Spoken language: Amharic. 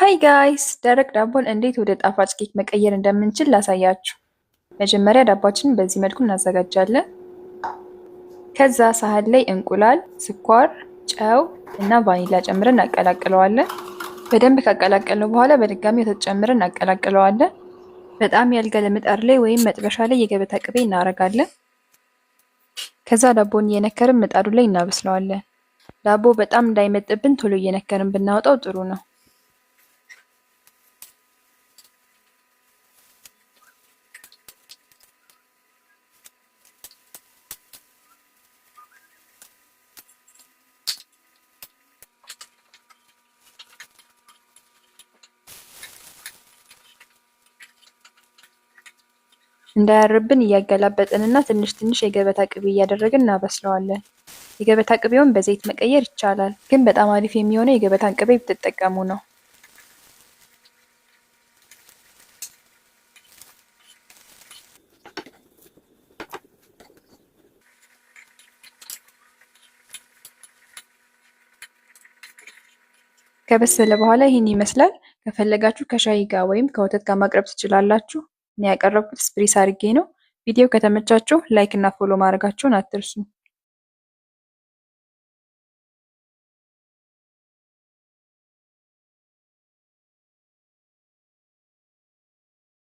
ሃይ ጋይስ ደረቅ ዳቦን እንዴት ወደ ጣፋጭ ኬክ መቀየር እንደምንችል ላሳያችሁ። መጀመሪያ ዳቧችንን በዚህ መልኩ እናዘጋጃለን። ከዛ ሳህን ላይ እንቁላል፣ ስኳር፣ ጨው እና ቫኒላ ጨምረን እናቀላቅለዋለን። በደንብ ካቀላቀልነው በኋላ በድጋሚ ወተት ጨምረን እናቀላቅለዋለን። በጣም ያልጋለ ምጣድ ላይ ወይም መጥበሻ ላይ የገበታ ቅቤ እናደርጋለን። ከዛ ዳቦን እየነከርን ምጣዱ ላይ እናበስለዋለን። ዳቦ በጣም እንዳይመጥብን ቶሎ እየነከርን ብናወጣው ጥሩ ነው። እንዳያርብን እያገላበጠን እና ትንሽ ትንሽ የገበታ ቅቤ እያደረግን እናበስለዋለን። የገበታ ቅቤውን በዘይት መቀየር ይቻላል፣ ግን በጣም አሪፍ የሚሆነው የገበታን ቅቤ ብትጠቀሙ ነው። ከበሰለ በኋላ ይህን ይመስላል። ከፈለጋችሁ ከሻይ ጋር ወይም ከወተት ጋር ማቅረብ ትችላላችሁ። ያቀረብኩት ስፕሪስ አድርጌ ነው። ቪዲዮ ከተመቻችሁ ላይክ እና ፎሎ ማድረጋችሁን አትርሱ።